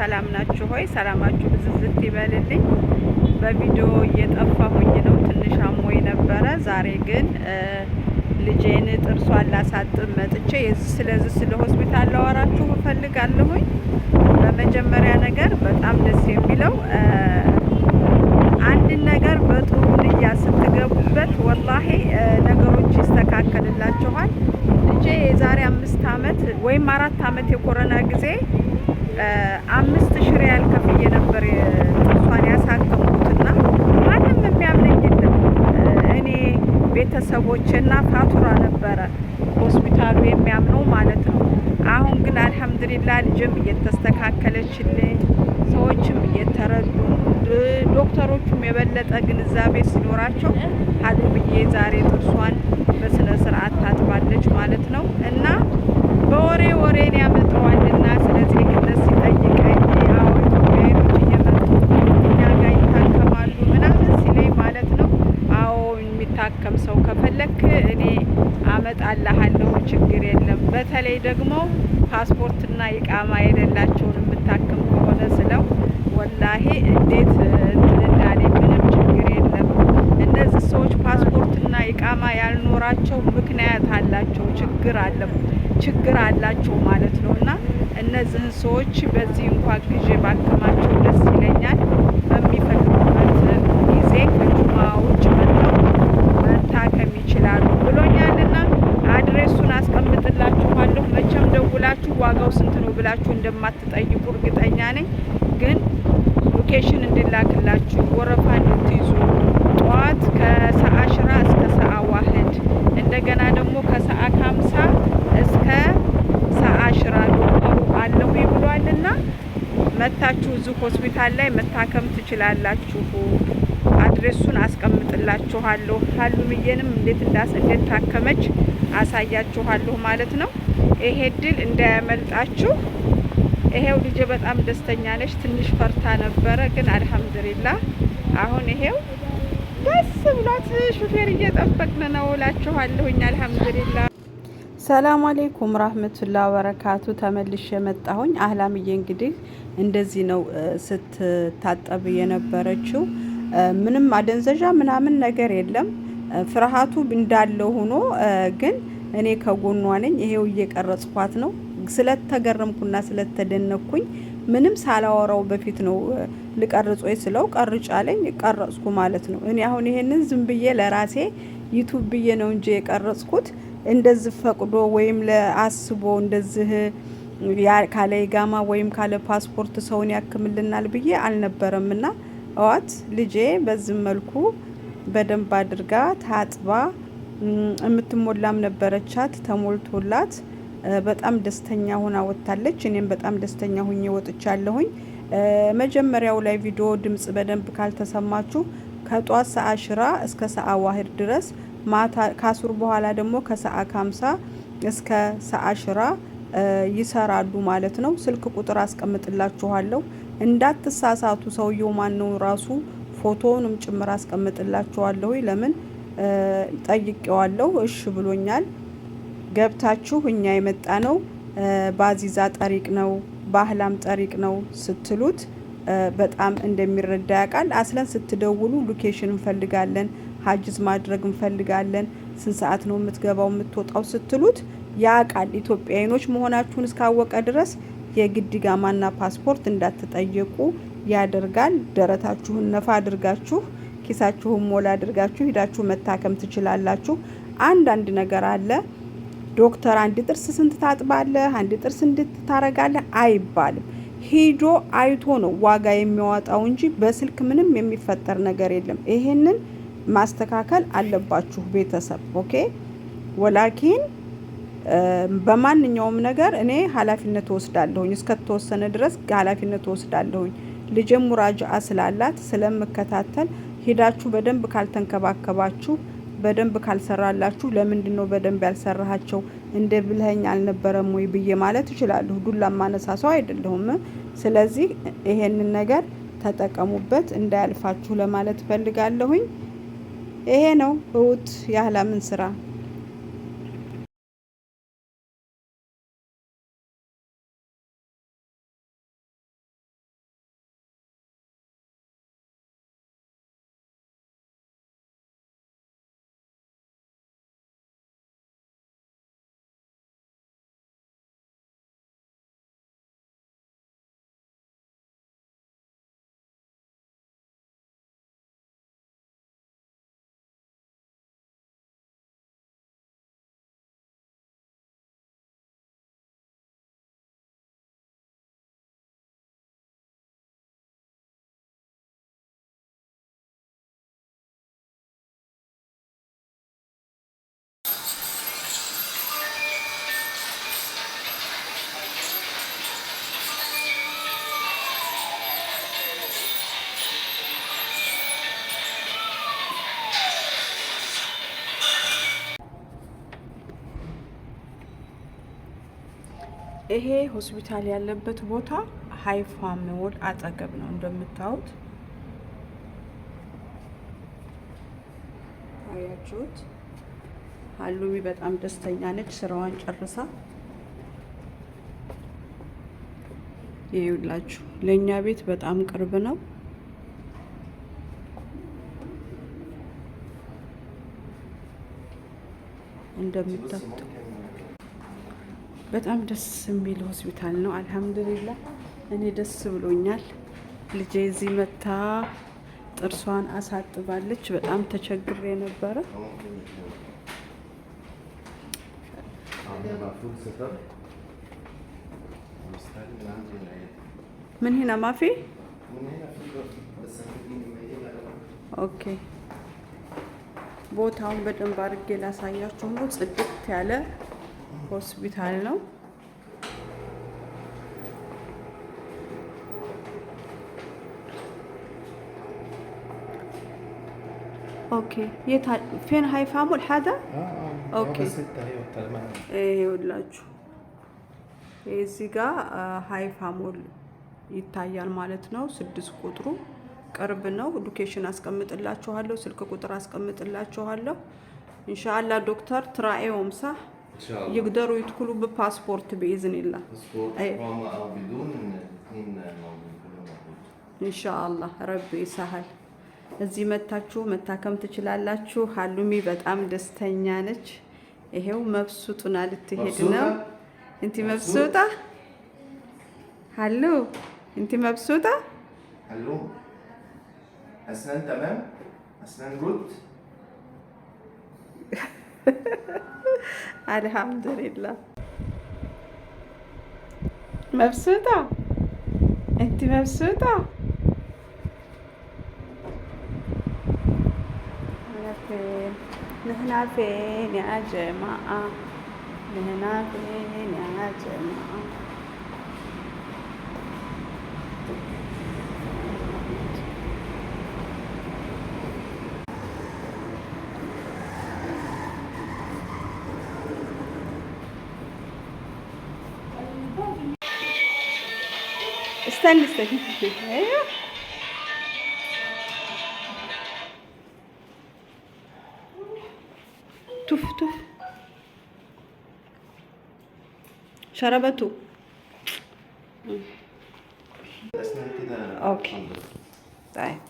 ሰላም ናችሁ ሆይ? ሰላማችሁ ብዝዝት ይበልልኝ። በቪዲዮ እየጠፋሁኝ ነው፣ ትንሽ አሞኝ ነበረ። ዛሬ ግን ልጄን ጥርሷን ላሳጥብ መጥቼ ስለዚህ ስለ ሆስፒታል ላወራችሁ እፈልጋለሁኝ። በመጀመሪያ ነገር በጣም ደስ የሚለው አንድን ነገር በጥሩ ንያ ስትገቡበት ወላሂ ነገሮች ይስተካከልላችኋል። ልጄ የዛሬ አምስት አመት ወይም አራት አመት የኮረና ጊዜ አምስት ሺህ ሪያል ከፍዬ ነበር ጥርሷን ያሳከምኩትና ማንም የሚያምነኝ የለም። እኔ ቤተሰቦችና ፋቱራ ነበረ ሆስፒታሉ የሚያምነው ማለት ነው። አሁን ግን አልሐምዱሊላ ልጅም እየተስተካከለችልኝ ሰዎችም እየተረዱ ዶክተሮቹም የበለጠ ግንዛቤ ሲኖራቸው ሀዱ ብዬ ዛሬ ጥርሷን በስነ ስርዓት ታጥባለች ማለት ነው እና በወሬ ወሬን ያመጣዋልና ስለዚህ የሚታከም ሰው ከፈለክ እኔ አመጣልሃለሁ፣ ችግር የለም። በተለይ ደግሞ ፓስፖርትና ኢቃማ የሌላቸውን የምታክም ከሆነ ስለው ወላሂ እንዴት እንዳኔ ምንም ችግር የለም። እነዚህ ሰዎች ፓስፖርትና ኢቃማ ያልኖራቸው ምክንያት አላቸው፣ ችግር አለም ችግር አላቸው ማለት ነው። እና እነዚህን ሰዎች በዚህ እንኳን ጊዜ ባከማቸው ደስ ይለኛል። በሚፈልጉበት ጊዜ ከጁማ ውጭ ብላችሁ ዋጋው ስንት ነው ብላችሁ እንደማትጠይቁ እርግጠኛ ነኝ። ግን ሎኬሽን እንድላክላችሁ ወረፋ እንድትይዙ ጠዋት ከሰዓ ሽራ እስከ ሰዓ ዋህድ እንደገና ደግሞ ከሰዓ ካምሳ እስከ ሰዓ ሽራ ዶክተሩ አለሁ ብሏልና መታችሁ እዚህ ሆስፒታል ላይ መታከም ትችላላችሁ። አድሬሱን አስቀምጥላችኋለሁ። ሀሉምዬንም እንዴት እንዳሰደድ ታከመች አሳያችኋለሁ ማለት ነው። ይሄ ድል እንዳያመልጣችሁ። ይሄው ልጄ በጣም ደስተኛ ነች። ትንሽ ፈርታ ነበረ፣ ግን አልሐምዱሊላ አሁን ይሄው ደስ ብሏት ሹፌር እየጠበቅን ነው እላችኋለሁኝ። አልሐምዱሊላ ሰላም አሌይኩም ራህመቱላ በረካቱ። ተመልሼ የመጣሁኝ አህላምዬ እንግዲህ እንደዚህ ነው ስትታጠብ የነበረችው። ምንም አደንዘዣ ምናምን ነገር የለም። ፍርሃቱ እንዳለ ሆኖ ግን እኔ ከጎኗ ነኝ። ይሄው እየቀረጽኳት ነው። ስለተገረምኩና ስለተደነኩኝ ምንም ሳላወራው በፊት ነው ልቀርጾ ስለው ቀርጫለኝ ቀረጽኩ ማለት ነው። እኔ አሁን ይሄንን ዝም ብዬ ለራሴ ዩቱብ ብዬ ነው እንጂ የቀረጽኩት እንደዚህ ፈቅዶ ወይም ለአስቦ እንደዚህ ካለ ኢቃማ ወይም ካለ ፓስፖርት ሰውን ያክምልናል ብዬ አልነበረምና እዋት ልጄ በዚህ መልኩ በደንብ አድርጋ ታጥባ የምትሞላም ነበረቻት። ተሞልቶላት በጣም ደስተኛ ሆና ወጥታለች። እኔም በጣም ደስተኛ ሁኜ ወጥቻለሁኝ። መጀመሪያው ላይ ቪዲዮ ድምጽ በደንብ ካልተሰማችሁ ከጧት ሰአ ሽራ እስከ ሰአ ዋህር ድረስ ማታ ካሱር በኋላ ደግሞ ከሰአ ካምሳ እስከ ሰአ ሽራ ይሰራሉ ማለት ነው። ስልክ ቁጥር አስቀምጥላችኋለሁ እንዳትሳሳቱ። ሰውየው ማን ነው ራሱ ፎቶውንም ጭምር አስቀምጥላችኋለሁ። ለምን ጠይቄዋለሁ፣ እሺ ብሎኛል። ገብታችሁ እኛ የመጣ ነው በአዚዛ ጠሪቅ ነው ባህላም ጠሪቅ ነው ስትሉት በጣም እንደሚረዳ ያውቃል። አስለን ስትደውሉ ሎኬሽን እንፈልጋለን፣ ሀጅዝ ማድረግ እንፈልጋለን፣ ስንት ሰዓት ነው የምትገባው የምትወጣው ስትሉት ያውቃል። ኢትዮጵያዊኖች መሆናችሁን እስካወቀ ድረስ የግድ ጋማና ፓስፖርት እንዳትጠየቁ ያደርጋል። ደረታችሁን ነፋ አድርጋችሁ ኪሳችሁን ሞላ አድርጋችሁ ሂዳችሁ መታከም ትችላላችሁ። አንዳንድ ነገር አለ ዶክተር አንድ ጥርስ ስንት ታጥባለህ፣ አንድ ጥርስ እንድት ታረጋለህ አይባልም። ሂዶ አይቶ ነው ዋጋ የሚያወጣው እንጂ በስልክ ምንም የሚፈጠር ነገር የለም። ይሄንን ማስተካከል አለባችሁ ቤተሰብ ኦኬ ወላኪን በማንኛውም ነገር እኔ ኃላፊነት ወስዳለሁኝ። እስከተወሰነ ድረስ ኃላፊነት ወስዳለሁኝ። ልጅም ሙራጃ ስላላት ስለምከታተል ሄዳችሁ በደንብ ካልተንከባከባችሁ በደንብ ካልሰራላችሁ ለምንድን ነው በደንብ ያልሰራሃቸው እንደ ብልህኝ አልነበረም ወይ ብዬ ማለት እችላለሁ። ዱላ ማነሳ ሰው አይደለሁም። ስለዚህ ይሄንን ነገር ተጠቀሙበት እንዳያልፋችሁ ለማለት ፈልጋለሁኝ። ይሄ ነው እውት ያህላምን ስራ ይሄ ሆስፒታል ያለበት ቦታ ሀይፋ ሞል አጠገብ ነው እንደምታዩት። አያችሁት? አሉሚ በጣም ደስተኛ ነች፣ ስራዋን ጨርሳ። ይኸውላችሁ ለእኛ ቤት በጣም ቅርብ ነው። እንደምታዩት በጣም ደስ የሚል ሆስፒታል ነው። አልሐምዱሊላ እኔ ደስ ብሎኛል። ልጄ እዚህ መታ ጥርሷን አሳጥባለች። በጣም ተቸግሬ ነበረ። ምን ሄና ማፊ ኦኬ ቦታውን በደንብ አድርጌ ላሳያችሁ። ጽድቅት ያለ ሆስፒታል ነው። ኦኬ ፌን ሀይፋሙ ልሓደ ይኸውላችሁ እዚህ ጋ ሀይፋሞል ይታያል ማለት ነው። ስድስት ቁጥሩ ቅርብ ነው። ሎኬሽን አስቀምጥላችኋለሁ፣ ስልክ ቁጥር አስቀምጥላችኋለሁ። እንሻአላ ዶክተር ትራኤ ወምሳ يقدروا يدخلوا بباسبورت باذن الله روما او بدون ኢንሻአላህ ረቢ እዚህ መታችሁ መታከም ትችላላችሁ። ሀሉሚ በጣም ደስተኛ ነች። ይሄው መብሱጡና ልትሄድ ነው። እንቲ መብሱጣ ሀሉ እንቲ መብሱጣ ሀሉ አስነን ተማም አስነን ሩት الحمد لله مبسوطة انت مبسوطة فين نحن فين يا جماعة نحن فين يا جماعة استني استني ايوه توف توف شربته اوكي طيب